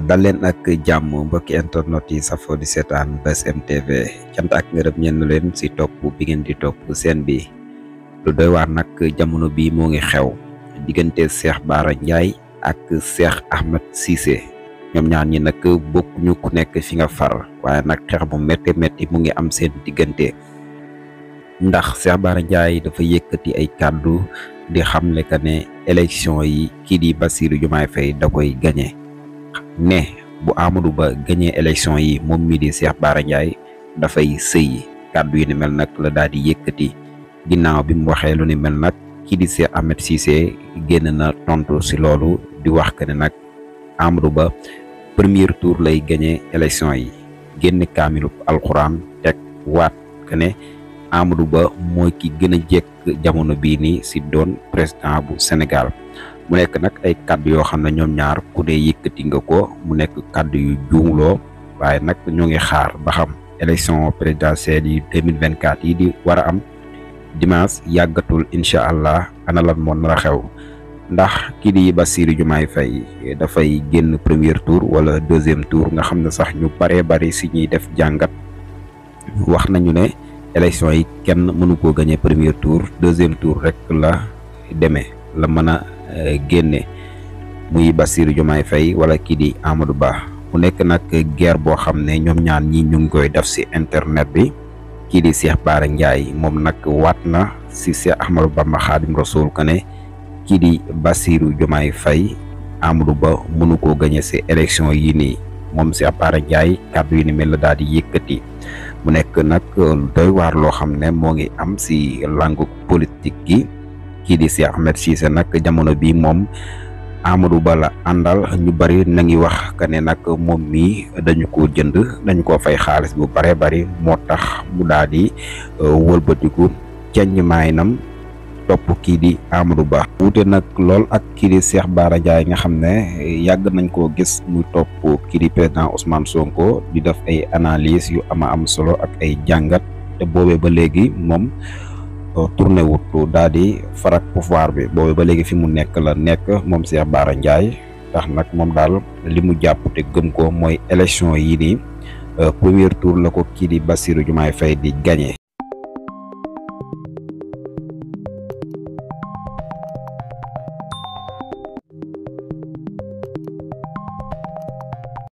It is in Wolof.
dal leen ak jàmm mbokki internet yi safo di seetaan ba M TV cant ak ngërëm ñenn leen si topp bi ngeen di topp seen bi lu doy waar nag jamono bi moo ngi xew diggante seex baara Ndiaye ak Cheikh Ahmed Cissé ñoom ñaar ñi nag bokkuñu ku nekk fi nga far waaye nag xeex bu métti métti mu ngi am seen diggante ndax Cheikh Bara Ndiaye dafa yëkkati ay kàddu di xamle que ne élection yi kii di Bassirou Diomaye Faye da koy gañe ne bu amadou ba gagné élection yi mom mi di cheikh bara ndjay da fay sey kaddu yi ni mel nak la daal di yëkëti ginaaw waxé lu ni mel nak ki di cheikh ahmed cissé genn na tontu ci lolu di wax nak amadou ba premier tour lay gagné élection yi genn kamilu alcorane tek wat que ne amadou ba moy ki gëna jek jamono bi ni ci Don président bu sénégal mu nek nak ay kàddu yo xamne ñom ñaar ku de yëkkati nga ko mu nek kàddu yu juumloo waye nak ñu ngi xaar ba xam élection présidentielle 2024 yi di wara am dimanche yagatul allah ana lan mo na xew ndax ki di Jumaay Fay da fay genn premier tour wala deuxième tour nga xamne sax ñu baree bari si ñi def jangat wax nañu ne élection yi kenn mënu ko gagner premier tour deuxième tour rek la démé la mëna Eh, genne muy basiru jumaay fay wala ki di Amadou Ba mu nek nak guerre bo xam ñom ñaan ñi ñu koy def si internet bi ki di Cheikh Bara ndjay mom nak watna ci si Cheikh Ahmadou ma Khadim Rasoul que ki di Bassirou jumaay fay Amadou Ba mënu ko gagné si élection yi ni mom Cheikh Bara ndjay kaddu yi ni mel daal di yëkkati mu nek nak doy war lo mo ngi am ci langue politique gi Kiri di Cheikh Ahmed Cissé nak jamono bi mom Amadou bala andal ñu bari na ngi wax kané nak mom mi dañu ko jënd dañ ko fay xaaliss bu bare bari moo tax mu daal di euh, cëñ maynam top ki di Amadou Ba wuté nak lool ak ki di Cheikh Bara jaay nga xamné yag nañ ko gis mu top ki di président Ousmane Sonko di def ay analyse yu ama am solo ak ay jangat te bobé ba légui mom Euh, tourné wut daal di farak pouvoir bi boobu ba léegi fi mu nekk la nekk moom Cheikh Bara Ndiaye tax nag moom daal li mu jàpp te gëm ko mooy élection yi nii euh, premier tour la ko kii di Bassirou Diomaye Faye di gagné.